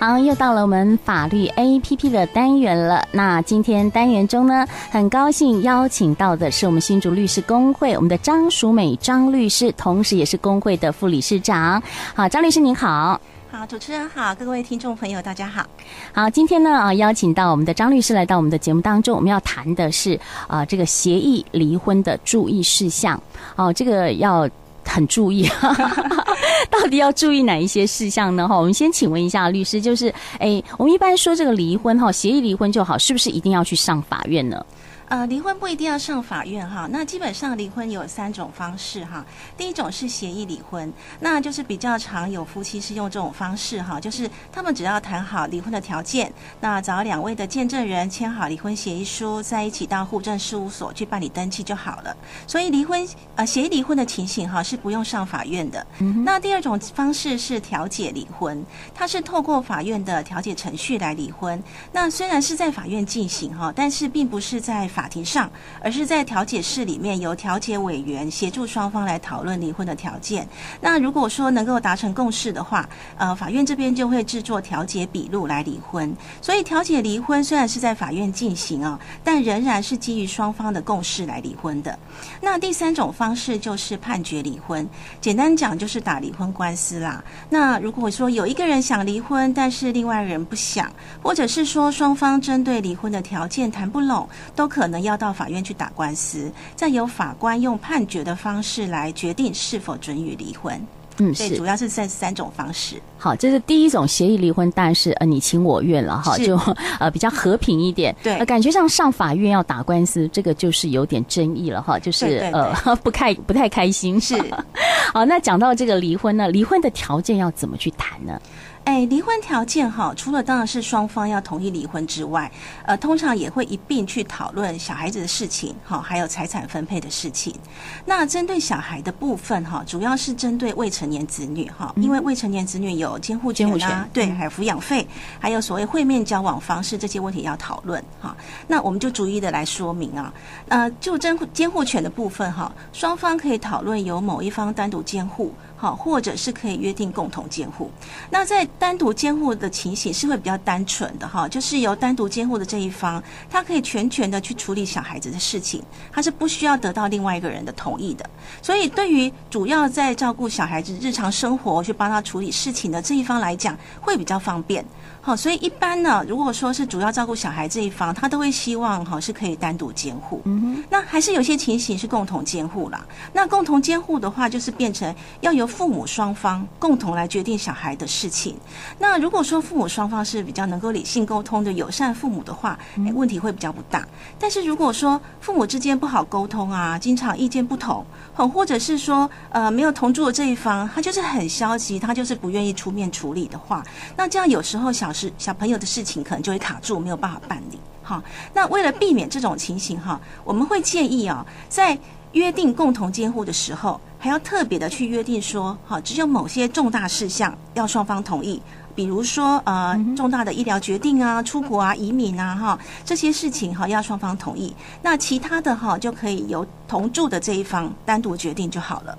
好，又到了我們法律 APP 的單元了。那今天單元中呢，很高興邀請到的是我們新竹律師公會我們的張淑美張律師，同時也是公會的副理事長。好，張律師您好，好，主持人好，各位聽眾朋友大家好。好，今天呢啊，邀請到我們的張律師來到我們的節目當中，我們要談的是啊、呃、這個協議離婚的注意事項。哦、呃，這個要。很注意， 到底要注意哪一些事項呢？哈，我們先請問一下律師，就是，哎、欸，我們一般說這個離婚，哈，協議離婚就好，是不是一定要去上法院呢？呃，離婚不一定要上法院哈。那基本上離婚有三種方式哈。第一種是協議離婚，那就是比較常有夫妻是用這種方式哈，就是他們只要談好離婚的條件，那找兩位的見證人簽好離婚協議書，再一起到戶政事務所去辦理登記就好了。所以離婚呃協議離婚的情形哈是不用上法院的。嗯、那第二種方式是調解離婚，它是透過法院的調解程序來離婚。那雖然是在法院進行哈，但是並不是在。法庭上，而是在調解室裡面，由調解委員協助雙方來討論離婚的條件。那如果說能夠達成共識的話，呃，法院這邊就會製作調解筆錄來離婚。所以，調解離婚雖然是在法院進行啊、哦，但仍然是基於雙方的共識來離婚的。那第三種方式就是判決離婚，簡單講就是打離婚官司啦。那如果說有一個人想離婚，但是另外人不想，或者是說雙方針對離婚的條件談不攏，都可。可能要到法院去打官司，再由法官用判決的方式來決定是否准予離婚。嗯，對，所以主要是這三種方式。好，這，就是第一種協議離婚，當然是呃你情我願了哈，就呃比較和平一點。對，呃，感覺上上法院要打官司，這個就是有點爭議了哈，就是對對對，呃不太不太開心。是， 好，那講到這個離婚呢，離婚的條件要怎麼去談呢？哎，離婚條件哈，除了當然是雙方要同意離婚之外，呃，通常也會一併去討論小孩子的事情哈，還有財產分配的事情。那針對小孩的部分哈，主要是針對未成年子女哈，因為未成年子女有監護權啊，監護權，對，還有撫養費，還有所謂會面交往方式這些問題要討論哈。那我們就逐一的來說明啊。呃，就監護監護權的部分哈，雙方可以討論由某一方單獨監護。好，或者是可以約定共同監護。那在單獨監護的情形是會比較單純的哈，就是由單獨監護的這一方，他可以全權的去處理小孩子的事情，他是不需要得到另外一個人的同意的。所以對於主要在照顧小孩子日常生活去幫他處理事情的這一方來講，會比較方便。好，所以一般呢，如果說是主要照顧小孩這一方，他都會希望哈是可以單獨監護。嗯，那還是有些情形是共同監護啦。那共同監護的話，就是變成要由。父母雙方共同來決定小孩的事情。那如果說父母雙方是比較能夠理性溝通的友善父母的話，哎，問題會比較不大。但是如果說父母之間不好溝通啊，經常意見不同，或者是說呃沒有同住的這一方，他就是很消極，他就是不願意出面處理的話，那這樣有時候小事小朋友的事情可能就會卡住，沒有辦法辦理哈。那為了避免這種情形哈，我們會建議啊，哦，在。約定共同監護的時候，還要特別的去約定說，哈，只有某些重大事項要雙方同意，比如說，呃，重大的醫療決定啊、出國啊、移民啊，哈，這些事情哈要雙方同意，那其他的哈就可以由同住的這一方單獨決定就好了。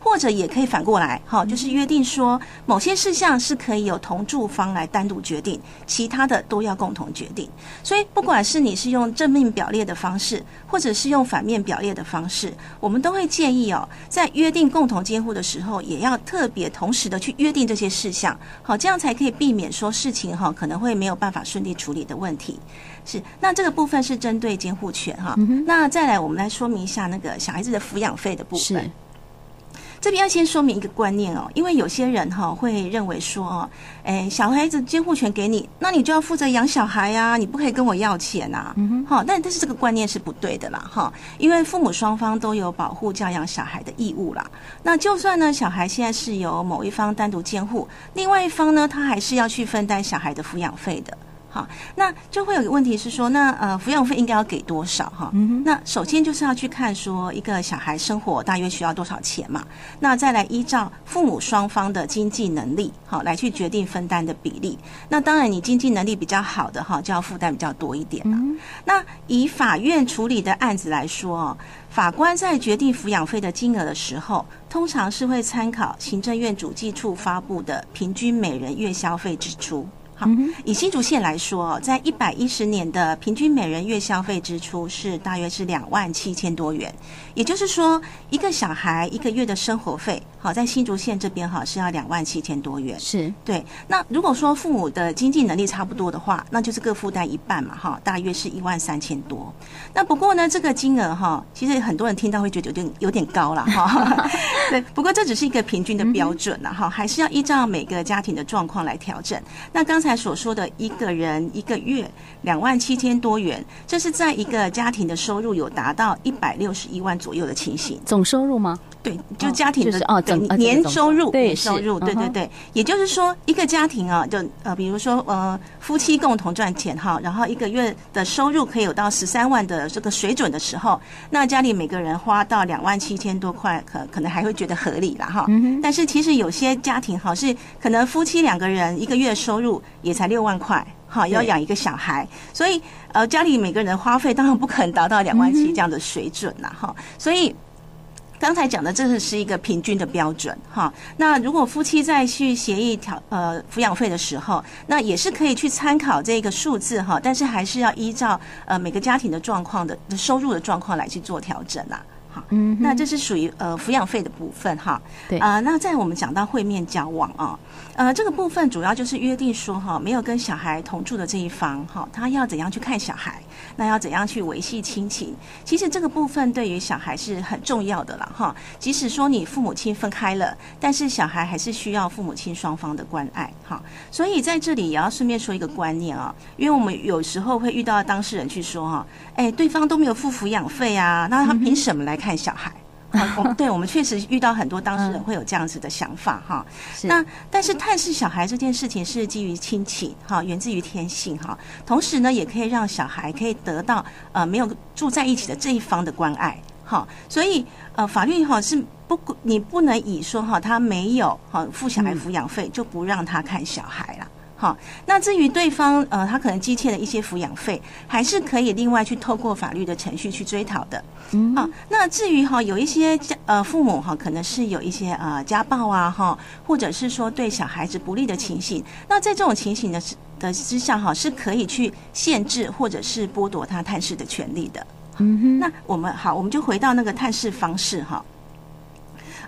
或者也可以反過來，哈，就是約定說某些事項是可以由同住方來單獨決定，其他的都要共同決定。所以，不管是你是用正面表列的方式，或者是用反面表列的方式，我們都會建議哦，在約定共同監護的時候，也要特別同時的去約定這些事項，好，這樣才可以避免說事情哈可能會沒有辦法順利處理的問題。是，那這個部分是針對監護權哈。那再來，我們來說明一下那個小孩子的撫養費的部分。這邊要先說明一個觀念哦，因為有些人哈會認為說，哎，小孩子監護權給你，那你就要負責養小孩呀、啊，你不可以跟我要錢吶、啊，哈、嗯哼。但但是這個觀念是不對的啦，哈，因為父母雙方都有保護、教養小孩的義務啦。那就算呢，小孩現在是由某一方單獨監護，另外一方呢，他還是要去分擔小孩的撫養費的。好，那就會有個問題是說，那呃，撫養費應該要給多少哈、啊嗯？那首先就是要去看說一個小孩生活大約需要多少錢嘛，那再來依照父母雙方的經濟能力，好、啊、來去決定分擔的比例。那當然，你經濟能力比較好的哈、啊，就要負擔比較多一點了、嗯。那以法院處理的案子來說哦，法官在決定撫養費的金額的時候，通常是會參考行政院主計處發布的平均每人月消費支出。嗯哼，以新竹縣來說，在一百一十年的平均每人月消費支出是大約是兩萬七千多元，也就是說，一個小孩一個月的生活費，好，在新竹縣這邊哈是要兩萬七千多元。是。對。那如果說父母的經濟能力差不多的話，那就是各負擔一半嘛，哈，大約是一萬三千多。那不過呢，這個金額哈，其實很多人聽到會覺得有點有點高了哈。 對，不過這只是一個平均的標準了，哈，還是要依照每個家庭的狀況來調整。那剛才。他所說的一個人一個月兩萬七千多元，這是在一個家庭的收入有達到一百六十一萬左右的情形，總收入嗎？對，就家庭的年收入，年收入，收入對，對對對、嗯哼。也就是說，一個家庭啊，就呃，比如說呃，夫妻共同賺錢哈，然後一個月的收入可以有到十三萬的這個水準的時候，那家裡每個人花到兩萬七千多塊，可可能還會覺得合理了哈。嗯哼。但是其實有些家庭哈，啊，是可能夫妻兩個人一個月收入也才六萬塊，哈，要養一個小孩，所以呃，家裡每個人的花費當然不可能達到兩萬七這樣的水準了哈，所以。剛才講的這是是一個平均的標準哈。那如果夫妻在去協議調呃撫養費的時候，那也是可以去參考這個數字哈。但是還是要依照呃每個家庭的狀況的收入的狀況來去做調整啦、啊、哈。嗯。那這是屬於呃撫養費的部分哈。對。啊、呃，那在我們講到會面交往啊。呃，這個部分主要就是約定說哈，沒有跟小孩同住的這一方哈，他要怎樣去看小孩，那要怎樣去維繫親情。其實這個部分對於小孩是很重要的啦。哈，即使說你父母親分開了，但是小孩還是需要父母親雙方的關愛哈。所以在這裡也要順便說一個觀念啊，因為我們有時候會遇到當事人去說哈，哎，對方都沒有付撫養費啊，那他憑什麼來看小孩？們、 哦、對，我們確實遇到很多當事人會有這樣子的想法哈、哦。是。那但是探視小孩這件事情是基於親情哈、哦，源自於天性哈、哦。同時呢，也可以讓小孩可以得到呃沒有住在一起的這一方的關愛哈、哦。所以呃，法律哈、哦、是不，你不能以說哈、哦、他沒有哈、哦、付小孩撫養費就不讓他看小孩了。嗯好，那至於對方，呃，他可能拖欠的一些撫養費，還是可以另外去透過法律的程序去追討的。嗯，好，那至於哈、哦，有一些家呃父母哈、哦，可能是有一些呃家暴啊哈，或者是說對小孩子不利的情形，那在這種情形的的之下哈、哦，是可以去限制或者是剝奪他探視的權利的。嗯哼，那我們好，我們就回到那個探視方式哈。哦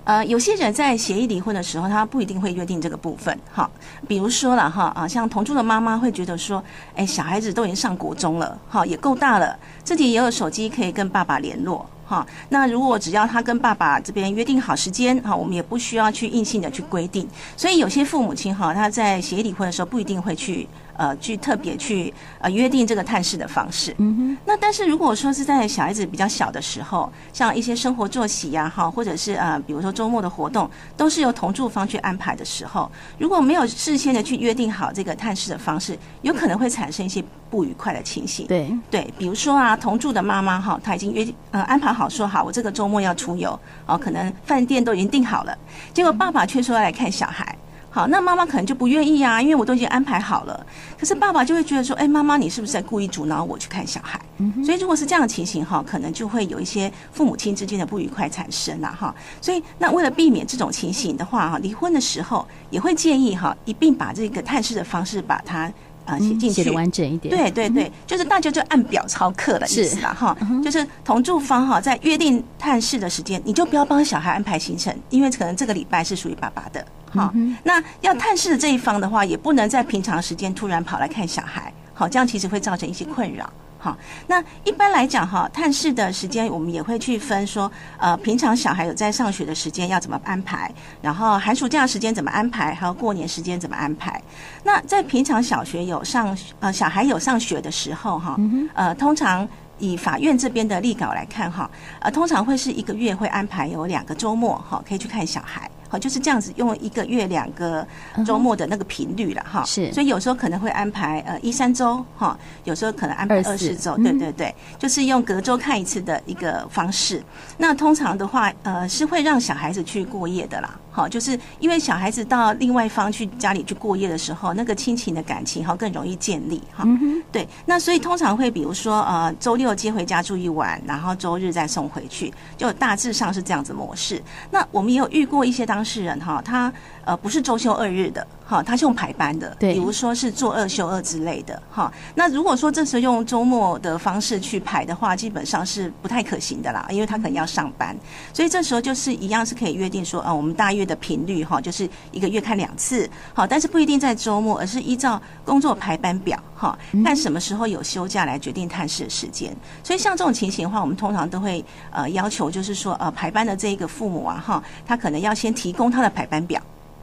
呃，有些人在協議離婚的時候，他不一定會約定這個部分，哈。比如說了哈啊，像同住的媽媽會覺得說，哎，小孩子都已經上國中了，哈，也夠大了，自己也有手機可以跟爸爸聯絡，哈。那如果只要他跟爸爸這邊約定好時間，哈，我們也不需要去硬性的去規定。所以有些父母親哈，他在協議離婚的時候不一定會去。呃，去特別去呃約定這個探視的方式。嗯哼。那但是如果說是在小孩子比較小的時候，像一些生活作息呀、啊、哈，或者是呃比如說週末的活動，都是由同住方去安排的時候，如果沒有事先的去約定好這個探視的方式，有可能會產生一些不愉快的情形。對、mm -hmm. 對，比如說啊，同住的媽媽哈，她已經約定呃安排好說好，我這個週末要出遊，哦，可能飯店都已經訂好了，結果爸爸卻說要來看小孩。好，那媽媽可能就不願意啊，因為我都已經安排好了。可是爸爸就會覺得說：“哎、欸，媽媽，你是不是在故意阻撓我去看小孩？”嗯、所以，如果是這樣的情形哈，可能就會有一些父母親之間的不愉快產生了哈。所以，那為了避免這種情形的話哈，離婚的時候也會建議哈，一併把這個探視的方式把它啊寫進去，寫得、嗯、完整一點。對對對，嗯、就是大家就按表操課的意思了哈。就是同住方哈，在約定探視的時間，你就不要幫小孩安排行程，因為可能這個禮拜是屬於爸爸的。好、哦，那要探視的這一方的話，也不能在平常時間突然跑來看小孩，好、哦，這樣其實會造成一些困擾。好、哦，那一般來講，哈、哦，探視的時間我們也會去分說，呃，平常小孩有在上學的時間要怎麼安排，然後寒暑假時間怎麼安排，還有過年時間怎麼安排。那在平常小學有上，呃，小孩有上學的時候，哈、哦，呃，通常以法院這邊的例稿來看，哈、哦，呃，通常會是一個月會安排有兩個周末，哈、哦，可以去看小孩。好、哦，就是這樣子，用一個月兩個周末的那個頻率了、uh -huh. 哈。是。所以有時候可能會安排呃一三周哈，有時候可能安排二四周。對對對，就是用隔周看一次的一個方式。Uh -huh. 那通常的話，呃，是會讓小孩子去過夜的啦。哈，就是因為小孩子到另外一方去家裡去過夜的時候，那個親情的感情哈更容易建立哈。Uh -huh. 對，那所以通常會比如說呃周六接回家住一晚，然後周日再送回去，就大致上是這樣子模式。那我們也有遇過一些大。當事人哈，他。呃，不是週休二日的，哈，他是用排班的，對，比如說是做二休二之類的，哈。那如果說這時候用週末的方式去排的話，基本上是不太可行的啦，因為他可能要上班，所以這時候就是一樣是可以約定說，啊我們大約的頻率哈，就是一個月看兩次，好，但是不一定在週末，而是依照工作排班表哈，但什麼時候有休假來決定探視的時間。所以像這種情形的話，我們通常都會呃要求就是說，呃、啊，排班的這一個父母啊，哈，他可能要先提供他的排班表。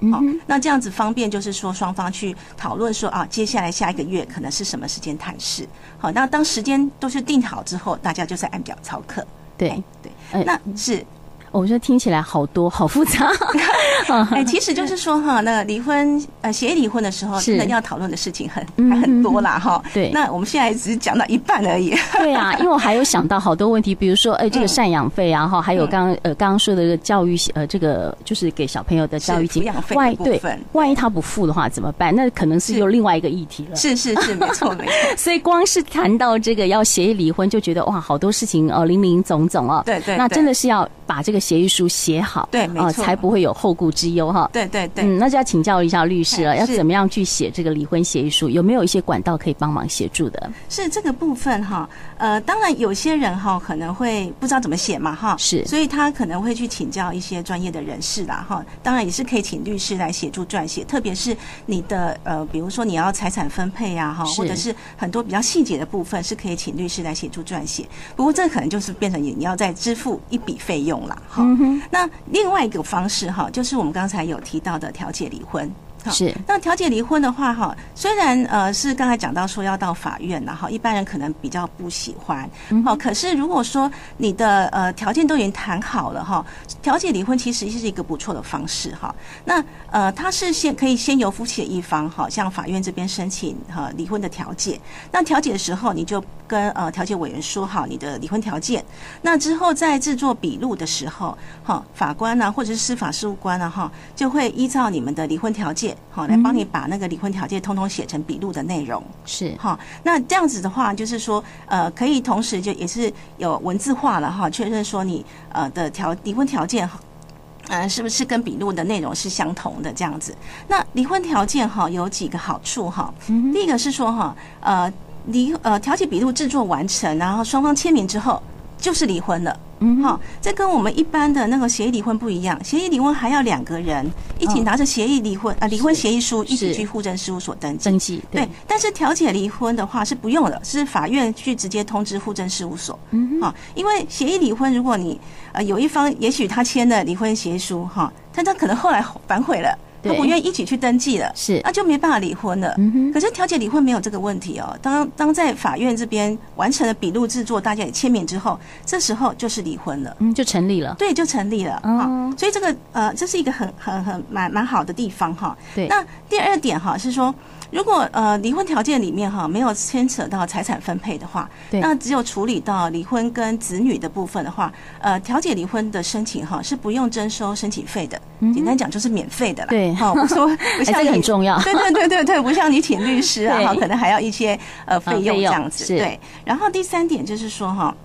好、mm -hmm. 哦，那這樣子方便，就是說雙方去討論說啊，接下來下一個月可能是什麼時間探視。好、啊，那當時間都是定好之後，大家就在按表操課。對、哎、對、哎，那是。我覺得聽起來好多，好複雜。 哎，其實就是說哈，那離婚呃，協議離婚的時候，肯定要討論的事情很、嗯、還很多啦，哈。對。那我們現在只是講到一半而已。對啊，因為我還有想到好多問題，比如說哎，這個贍養費啊，哈、嗯，還有剛呃剛剛說的教育呃，這個就是給小朋友的教育金，養費對，萬一他不付的話怎麼辦？那可能是又另外一個議題了。是是是，是，沒錯。沒錯 所以光是談到這個要協議離婚，就覺得哇，好多事情哦、呃，零零總總哦、啊。對，對對。那真的是要把這個。協議書寫好，對，沒錯，哦、才不會有後顧之憂哈、哦。對對對。嗯，那就要請教一下律師了，okay, 要怎麼樣去寫這個離婚協議書？有沒有一些管道可以幫忙協助的？是這個部分哈、哦，呃，當然有些人哈、哦、可能會不知道怎麼寫嘛哈、哦，是，所以他可能會去請教一些專業的人士啦哈、哦。當然也是可以請律師來協助撰寫，特別是你的呃，比如說你要財產分配啊，哈、哦，或者是很多比較細節的部分，是可以請律師來協助撰寫。不過這可能就是變成你要再支付一筆費用啦。好，嗯，那另外一個方式哈，就是我們剛才有提到的調解離婚。是好，那調解離婚的話，哈，雖然呃是剛才講到說要到法院，然後，啊，一般人可能比較不喜歡，哦、啊，可是如果說你的呃條件都已經談好了，哈、啊，調解離婚其實是一個不錯的方式，哈、啊。那呃，他是先可以先由夫妻的一方哈、啊、向法院這邊申請哈、啊、離婚的條件。那調解的時候，你就跟呃、啊、調解委員說好你的離婚條件。那之後在製作筆錄的時候，哈、啊，法官呢、啊、或者是司法事務官啊，哈、啊，就會依照你們的離婚條件。好，來幫你把那個離婚條件通通寫成筆錄的內容，是哈。那這樣子的話，就是說，呃，可以同時就也是有文字化了哈，確認說你呃的條離婚條件，嗯、呃，是不是跟筆錄的內容是相同的這樣子？那離婚條件哈、呃、有幾個好處哈、呃，第一個是說哈，呃離呃調解筆錄製作完成，然後雙方簽名之後就是離婚了。嗯，好，這跟我們一般的那個協議離婚不一樣。協議離婚還要兩個人一起拿着協議離婚啊、哦呃，離婚協議書一起去戶政事務所登記。登記對，但是調解離婚的話是不用的，是法院去直接通知戶政事務所。嗯，啊，因為協議離婚，如果你呃有一方，也許他簽了離婚協議書，哈，但他可能後來反悔了。都不願意一起去登記了，是，那就沒辦法離婚了。嗯哼。可是調解離婚沒有這個問題哦。當當在法院這邊完成了筆錄製作，大家也簽名之後，這時候就是離婚了，嗯，就成立了。對，就成立了。嗯、哦哦，所以這個呃，這是一個很很很蠻蠻好的地方哈、哦。對。那第二點哈、哦、是說。如果呃離婚條件裡面哈沒有牽扯到財產分配的話，對，那只有處理到離婚跟子女的部分的話，呃調解離婚的申請哈是不用徵收申請費的。嗯，簡單講就是免費的啦。對，哈，不說不像你，欸，這個很重要，對對對對對，不像你請律師啊，哈可能還要一些呃費用這樣子。對，然後第三點就是說哈。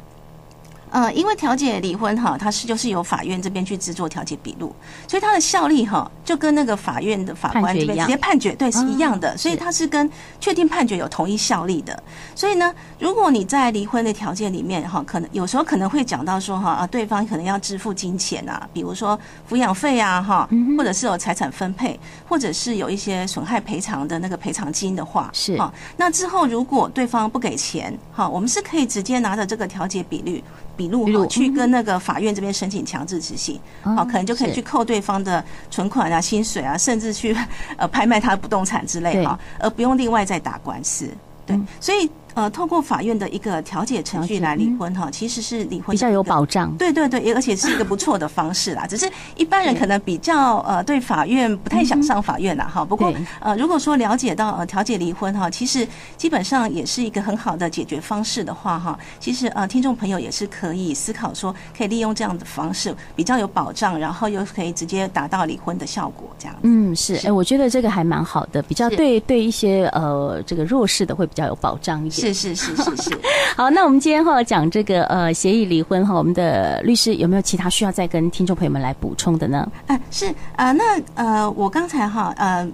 呃因為調解離婚哈，它是就是由法院這邊去制作調解筆錄，所以它的效力哈就跟那個法院的法官這邊直接判決，判決對是一樣的、哦，所以它是跟確定判決有同一效力的。所以呢，如果你在離婚的條件裡面哈，可能有時候可能會講到說哈啊，對方可能要支付金錢啊，比如說撫養費啊哈，或者是有財產分配、嗯，或者是有一些損害賠償的那個賠償金的話是啊，那之後如果對方不給錢哈、啊，我們是可以直接拿着這個調解筆錄。筆錄，去跟那個法院這邊申請強制執行，好，可能就可以去扣對方的存款啊、啊薪水啊，甚至去呃拍賣他的不動產之類哈，而不用另外再打官司。對，嗯、所以。呃，透過法院的一個調解程序來離婚哈、嗯，其實是離婚比較有保障，對對對，而且是一個不錯的方式啦。啊、只是一般人可能比較呃對法院不太想上法院啦。嗯嗯哈。不過呃，如果說了解到呃調解離婚哈，其實基本上也是一個很好的解決方式的話哈，其實呃聽眾朋友也是可以思考說，可以利用這樣的方式比較有保障，然後又可以直接達到離婚的效果這樣。嗯，是，哎，我覺得這個還蠻好的，比較對對一些呃這個弱勢的會比較有保障一點。是是是是是 好，那我們今天哈講這個呃協議離婚哈，我們的律師有沒有其他需要再跟聽眾朋友們來補充的呢？啊、呃，是啊、呃，那呃我剛才哈呃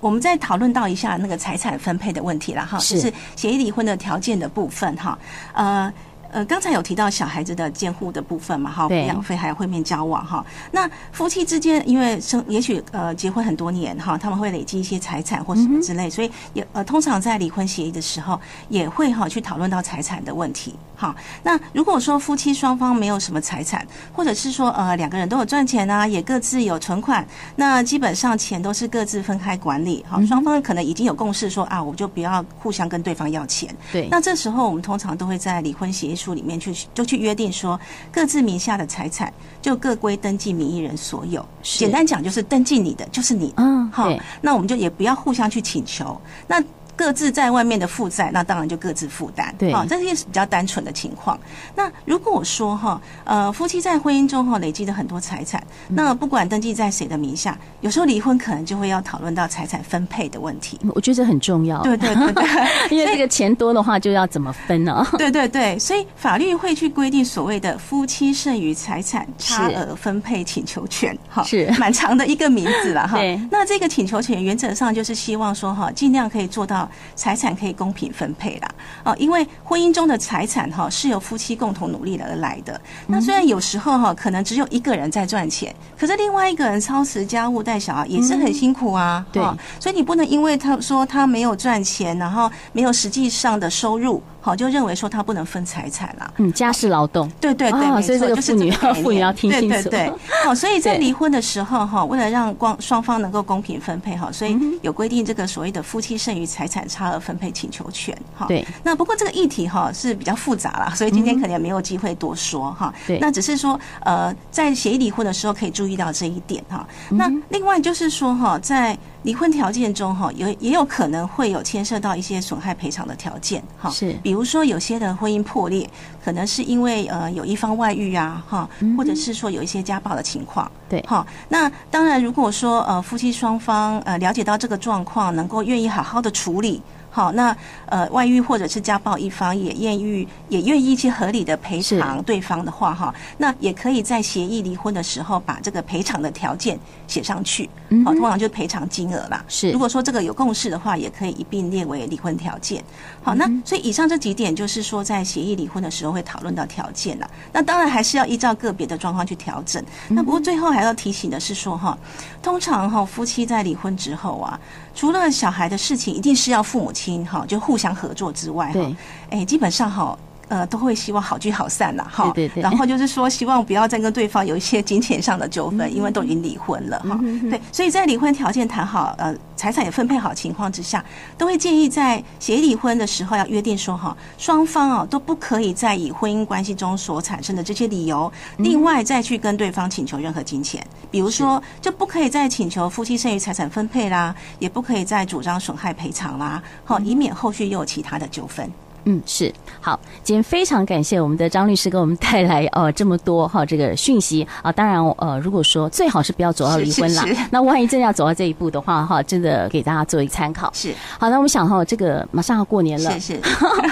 我們在討論到一下那個財產分配的問題了哈，就是協議離婚的條件的部分哈，呃。呃，剛才有提到小孩子的監護的部分嘛，哈，撫養費還有會面交往哈。那夫妻之間，因為生也許呃結婚很多年哈，他們會累積一些財產或什麼之類，嗯、所以也呃通常在離婚協議的時候也會哈去討論到財產的問題。好，那如果說夫妻雙方沒有什麼財產，或者是說呃兩個人都有賺錢啊，也各自有存款，那基本上錢都是各自分開管理。好，雙、嗯、方可能已經有共識說啊，我就不要互相跟對方要錢。對。那這時候我們通常都會在離婚協議書裡面去就去約定說，各自名下的財產就各歸登記名義人所有。是簡單講就是登記你的就是你的。嗯、哦。好，那我們就也不要互相去請求。那各自在外面的負債，那當然就各自負擔。對，啊，這些是比較單純的情況。那如果我說哈，呃，夫妻在婚姻中哈累積的很多財產，嗯，那不管登記在誰的名下，有時候離婚可能就會要討論到財產分配的問題。我覺得很重要。對對對，對， 因為這個錢多的話，就要怎麼分呢？啊？ 對，對對對，所以法律會去規定所謂的夫妻剩餘財產差額分配請求權。哈，是蠻長的一個名字了哈。 對，那這個請求權原則上就是希望說哈，盡量可以做到。財產可以公平分配啦，哦，因為婚姻中的財產哈是由夫妻共同努力而來的。那雖然有時候哈可能只有一個人在賺錢，可是另外一個人操持家務帶小孩也是很辛苦啊，嗯。對，所以你不能因為他說他沒有賺錢，然後沒有實際上的收入。好，就認為說他不能分財產了。嗯，家事勞動、哦，對對對，沒錯哦、所以這個婦女啊、就是，婦女要聽清楚。哎、對對對，好、哦，所以在離婚的時候哈，為了讓光雙方能夠公平分配哈、哦，所以有規定這個所謂的夫妻剩餘財產差額分配請求權哈、哦。對。那不過這個議題哈、哦、是比較複雜了，所以今天可能也沒有機會多說哈、哦。對。那只是說呃，在協議離婚的時候可以注意到這一點哈、哦。那另外就是說哈、哦，在離婚條件中哈，也、哦、也有可能會有牽涉到一些損害賠償的條件哈、哦。是。比如。比如說，有些的婚姻破裂，可能是因為呃有一方外遇啊，哈，或者是說有一些家暴的情況，對，哈。那當然，如果說呃夫妻雙方呃了解到這個狀況，能夠願意好好的處理。好，那呃，外遇或者是家暴一方也願意也願意去合理的賠償對方的話，哈，那也可以在協議離婚的時候把這個賠償的條件寫上去，好，通常就是賠償金額啦。是，如果說這個有共識的話，也可以一併列為離婚條件。好，那嗯嗯，所以以上這幾點就是說，在協議離婚的時候會討論到條件了。那當然還是要依照個別的狀況去調整。那不過最後還要提醒的是說，哈，通常哈、哦、夫妻在離婚之後啊，除了小孩的事情，一定是要父母。親，哈，就互相合作之外，對，哎，基本上，哈。呃，都會希望好聚好散啦、啊、哈。對對對。然後就是說，希望不要再跟對方有一些金錢上的糾紛，嗯、因為都已經離婚了，哈、嗯嗯嗯。對，所以在離婚條件談好，呃，財產也分配好情況之下，都會建議在協議離婚的時候要約定說，哈，雙方哦、啊、都不可以再以婚姻關係中所產生的這些理由、嗯，另外再去跟對方請求任何金錢，比如說就不可以再請求夫妻剩餘財產分配啦，也不可以再主張損害賠償啦，哈，以免後續又有其他的糾紛。嗯，是好，今天非常感謝我們的張律師給我們帶來呃這麼多哈這個訊息啊，當然呃如果說最好是不要走到離婚了，那萬一真要走到這一步的話哈，真的給大家作為參考。是好，那我們想哈，這個馬上要過年了，是是，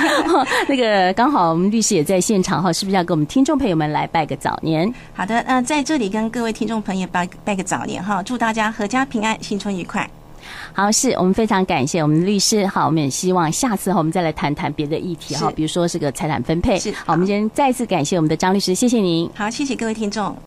那個剛好我們律師也在現場哈，是不是要跟我們聽眾朋友們來拜個早年？好的，那在這裡跟各位聽眾朋友拜拜個早年哈，祝大家闔家平安，新春愉快。好，是我們非常感謝我們的律師。好，我們也希望下次我們再來談談別的議題。哈，比如說這個財產分配是是好。好，我們先再次感謝我們的張律師，謝謝您。好，謝謝各位聽眾。